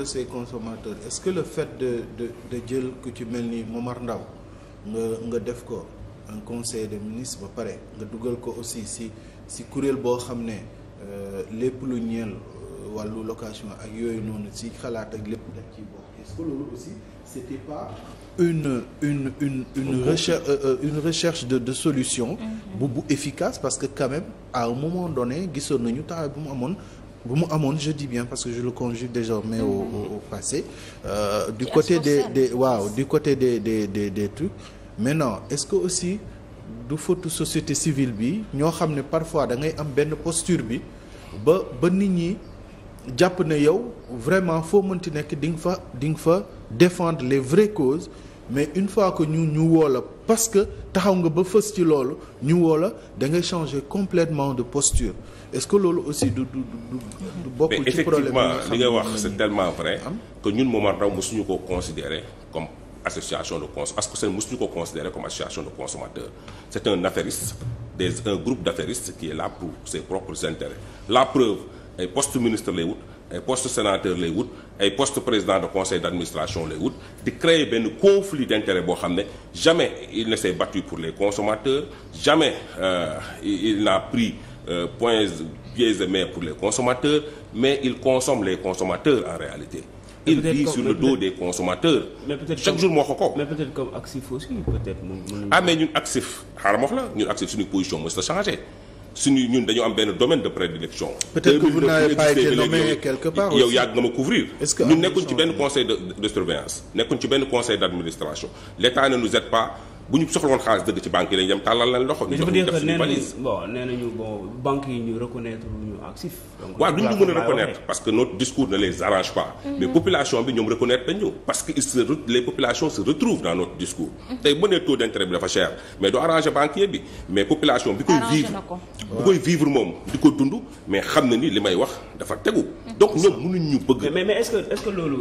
de ces consommateurs est-ce que le fait de de jël ko ci mel ni Momar Ndao nga nga def ko un conseil de ministre ba pare nga dugal ko aussi si si kuréel boo xam ne euh, lépp lu ñeel euh, wàllu location ak yooyu noonu si xalaat ak lépp daf ciy bokk est loolu aussi c'était pas une une une une recherche euh, une recherche de de solution. Mm-hmm. bu mm bu efficace parce que quand même à un moment donné gisoon nañu taxaw bu mu amoon. bu mu amoon je dis bien parce que je le conjugue désormais mm -hmm. au, au passé euh, du côté des des waaw du côté des des des des mais maintenant est-ce que aussi du faute société civile bi ñoo xam ne parfois da ngay am benn posture bi ba ba nit ñi jàpp na yow vraiment foo mënti nekk di nga fa di nga fa défendre les vraies causes mais une fois que ñu ñu woo la parce que taxaw nga ba fës ci loolu ñu woo la da ngay changer complètement de posture est-ce que loolu aussi du du du du bokkul ci problème li nga wax c'est tellement vrai que ñun moom Ndao mosuñu ko considérer comme association de cons parce que ko considérer comme association de consommateurs c'est un affairiste des un groupe d'affaires qui est là pour ses propres intérêts la ay poste ministre lay wut ay poste sénateur lay wut ay poste président de conseil d'administration lay wut di créer benn conflit d'intérêt boo xam ne jamais il ne s'est battu pour les consommateurs jamais euh, il n'a pris euh, point pieds et mains pour les consommateurs mais il consomme les consommateurs en réalité il vit sur le dos des consommateurs. chaque jour moo ko comme Axif aussi ah mais ñun Axif xaaral ma wax la ñun Axif suñu position mos la changé. suñu ñun dañu am benn domaine de prédilection. peut-être que vous n'avez yow yàgg nga ma couvrir. est-ce que ñun ci benn conseil de surveillance nekkuñ ci benn conseil d'administration l'État ne nous aide pas. bu ñu soxla woon xaalis dëgg ci banque yi dañuy dem tàllal leen loxo. ñu jox ñu def nañu banque yi ñu reconnaître ñu actif. donc waaw duñ mën a reconnaître parce que notre discours ne les arrange pas. Mm-hmm. mais population bi ñoom reconnaître nañ parce que ils se les populations bu koy vivre moom di ko dund mais xam na ni li may wax dafa tegu donc ñoom mënuñ ñu bëgg mais mais est-ce que loolu